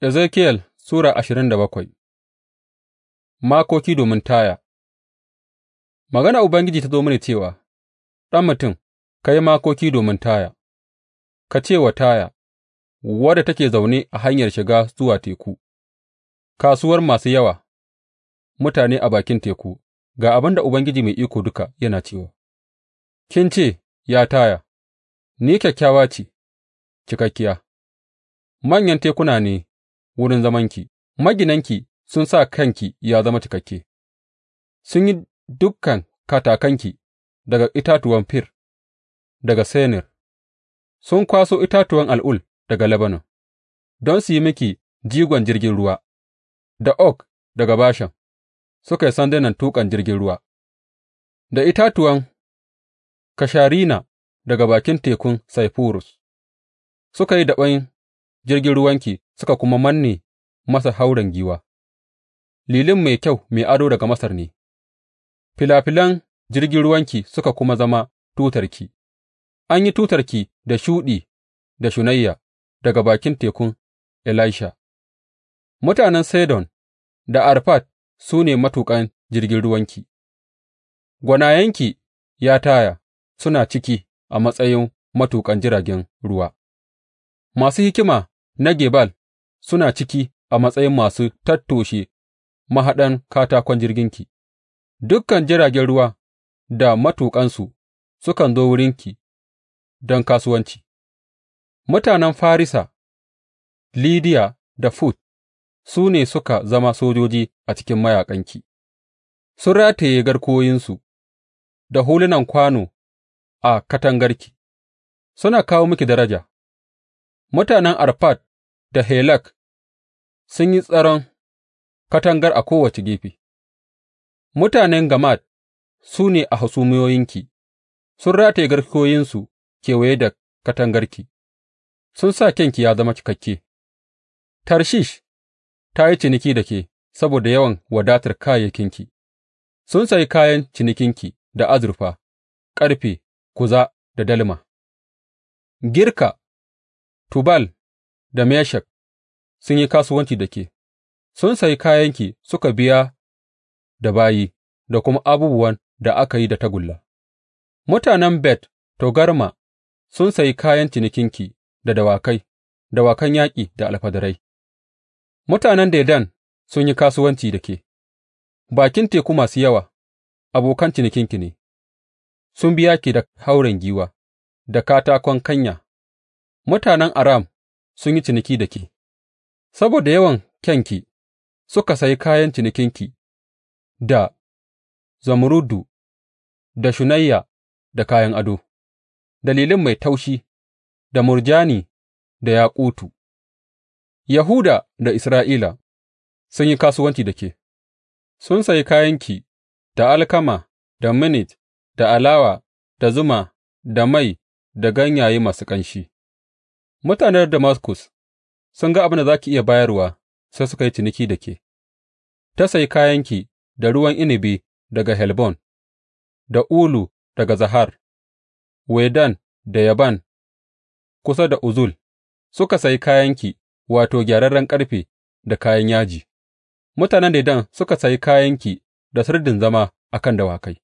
Ezekiyel Sura ashirin da bakwai Makoki domin Taya Magana Ubangiji ta zo mini cewa, Ɗan mutum, ka yi makoki domin Taya, ka ce wa Taya, wadda take zaune a hanyar shiga zuwa teku, kasuwar masu yawa, mutane a bakin teku, ga abin da Ubangiji Mai Iko Duka yana cewa, Kin ce, ya Taya, ni kyakkyawa ce, cikakkiya, manyan tekuna ne. wurin zamanki, maginanki sun sa kanki ya zama cikakke, sun yi dukkan katakanki daga itatuwan fir, daga senir, sun kwaso itatuwan al'ul daga Lebanon don su yi miki jigon jirgin ruwa, da ok daga Bashan suka yi sandunan tuƙan jirgin ruwa, da itatuwan kasharina daga bakin tekun Saifurus suka yi daɓen jirgin ruwanki suka kuma manne masa hauren giwa; lilin mai kyau mai ado daga Masar ne, filafilan jirgin ruwanki suka kuma zama tutarki; an yi tutarki da shuɗi da shunayya daga bakin tekun Elisha Mutanen Sidon da arfat su ne matuƙan jirgin ruwanki; gwanayenki, ya Taya, suna ciki a matsayin matuƙan jiragen ruwa. masu hikima na Gebal suna ciki a matsayin masu tattoshe mahaɗan katakon jirginki; dukan jiragen ruwa da matuƙansu sukan zo wurinki don kasuwanci, mutanen Farisa, Lidiya da Fut su ne suka zama sojoji a cikin mayaƙanki; sun rataye garkuwoyinsu da hulunan kwano a katangarki, suna kawo miki daraja. Mutanen Arfad da Helek sun yi tsaron katangar a kowace gefe; mutanen Gamad su ne a hasumiyoyinki, sun rataye garkuwoyinsu kewaye da katangarki sun sa kyanki ya zama cikakke; Tarshish ta yi ciniki da ke saboda yawan wadatar kayayyakinki; sun sayi kayan cinikinki da azurfa, ƙarfe, kuza da dalma. Girka Tubal da Meshek sun yi kasuwanci da ke; sun sayi kayanki suka biya da bayi da kuma abubuwan da aka yi da tagulla; mutanen Bet Togarma sun sayi kayan cinikinki da dawakai, dawakan yaƙi da alfadarai; mutanen Dedan sun yi kasuwanci da ke; bakin teku masu yawa abokan cinikinki ne, sun biya ki da hauren giwa da katakon kanya. Mutanen Aram sun yi ciniki da ke; saboda yawan kyanki suka sayi kayan cinikinki da zumurrudu, da shunayya da kayan ado, da mai taushi, da murjani da yakutu, Yahuda da Isra'ila sun yi kasuwanci da ke; sun sayi kayanki da alkama, da minit da alawa, da zuma, da mai, da ganyaye masu ƙanshi. Mutanen Damaskus sun ga abin da za ki iya bayarwa sai suka yi ciniki da ke; ta sayi kayanki da ruwan inibi daga Helbon, da ulu daga Zahar, Wedan da Yaban kusa da uzul suka sayi kayanki, wato, gyararren ƙarfe da kayan yaji; mutanen Dedan suka sayi kayanki da sirdin zama a kan dawakai;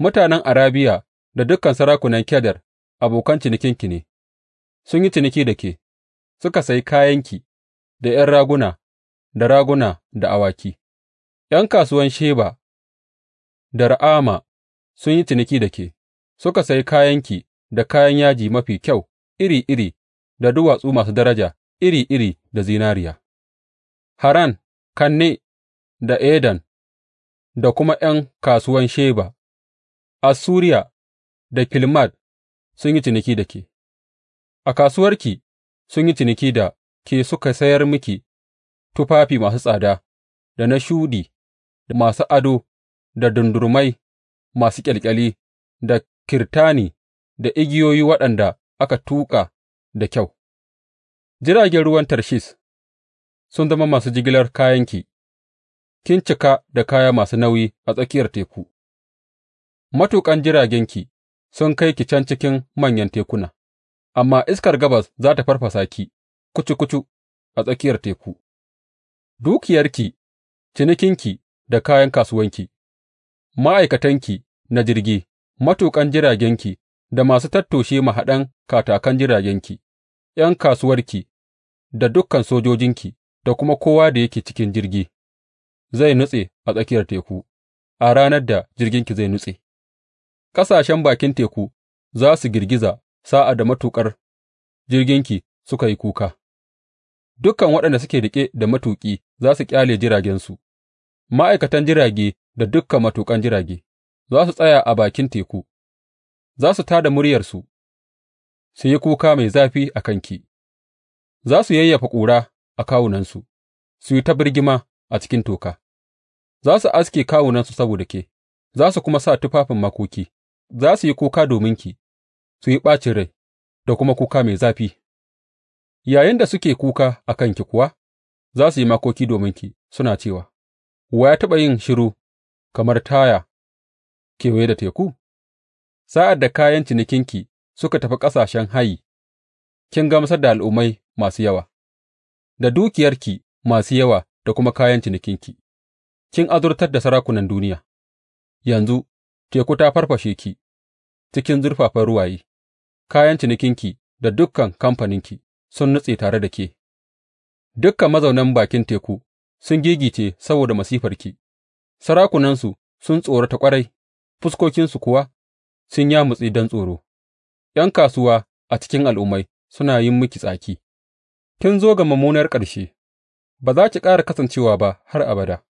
mutanen Arabiya da dukan sarakunan Kedar abokan cinikinki ne. sun yi ciniki da ke, suka sayi kayanki da ’yan raguna, da raguna da awaki, ’yan kasuwan Sheba da Ra'ama sun yi ciniki da ke, suka sayi kayanki da kayan yaji mafi kyau iri iri, da duwatsu masu daraja iri iri da zinariya, Haran, Kanne da Edan, da kuma ’yan kasuwan Sheba, Assuriya da Kilmad sun yi ciniki da ke. A kasuwarki sun yi ciniki da ke suka sayar miki tufafi masu tsada, da na shuɗi, da masu ado, da dardumai masu ƙyalƙyali, da kirtani, da igiyoyi waɗanda aka tuƙa da kyau, jiragen ruwan Tarshis sun zama masu jigilar kayanki, kin cika da kaya masu nauyi a tsakiyar teku, matuƙan jiragenki sun kai ki can cikin manyan tekuna. amma iskar gabas za ta farfasa ki kucu kucu a tsakiyar teku, dukiyarki, cinikinki da kayan kasuwanki, ma'aikatanki na jirgi, matuƙan jiragenki da masu tattoshe mahaɗan katakan jiragenki, ’yan kasuwarki da dukan sojojinki da kuma kowa da yake cikin jirgi, zai nutse a tsakiyar teku a ranar da jirginki zai nutse, ƙasashen bakin teku za su girgiza sa'ad da matuƙar jirginki suka yi kuka, dukan waɗanda suke riƙe da matuƙi za su ƙyale jiragensu; ma'aikatan jirage da dukan matuƙan jirage za su tsaya a bakin teku, za su tā da muryarsu su yi kuka mai zafi a kanki, za su yayyafa ƙura a kawunansu, su yi ta birgima a cikin toka, za su aske kawunansu saboda ke, za su kuma sa tufafin makoki, za su yi kuka dominki. su yi ɓacin rai da kuma kuka mai zafi, yayinda suke kuka a kanki kuwa za su yi makoki dominki suna cewa, Wa ya taɓa yin shiru kamar Taya kewaye da teku? Sa'ad da kayan cinikinki suka tafi ƙasashen hayi, kin gamsar da al'ummai masu yawa, da dukiyarki masu yawa da kuma kayan cinikinki, kin azurtar da sarakunan duniya, yanzu teku ta farfashe ki cikin zurfafan ruwaye. kayan cinikinki da dukan kamfaninki sun nutse tare da ke; dukan mazaunan bakin teku sun gigice saboda masifarki, sarakunansu sun tsorata ƙwarai, fuskokinsu kuwa sun yamutse don tsoro; ’yan kasuwa a cikin al'ummai suna yin miki tsaki, kin zo ga mummunar ƙarshe, ba za ki ƙara kasancewa ba har abada.